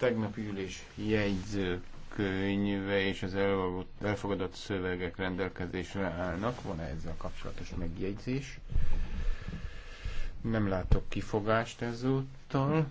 tegnapi ülés jegyzőkönyve és az elfogadott szövegek rendelkezésre állnak. Van-e ezzel kapcsolatos megjegyzés? Nem látok kifogást ezúttal.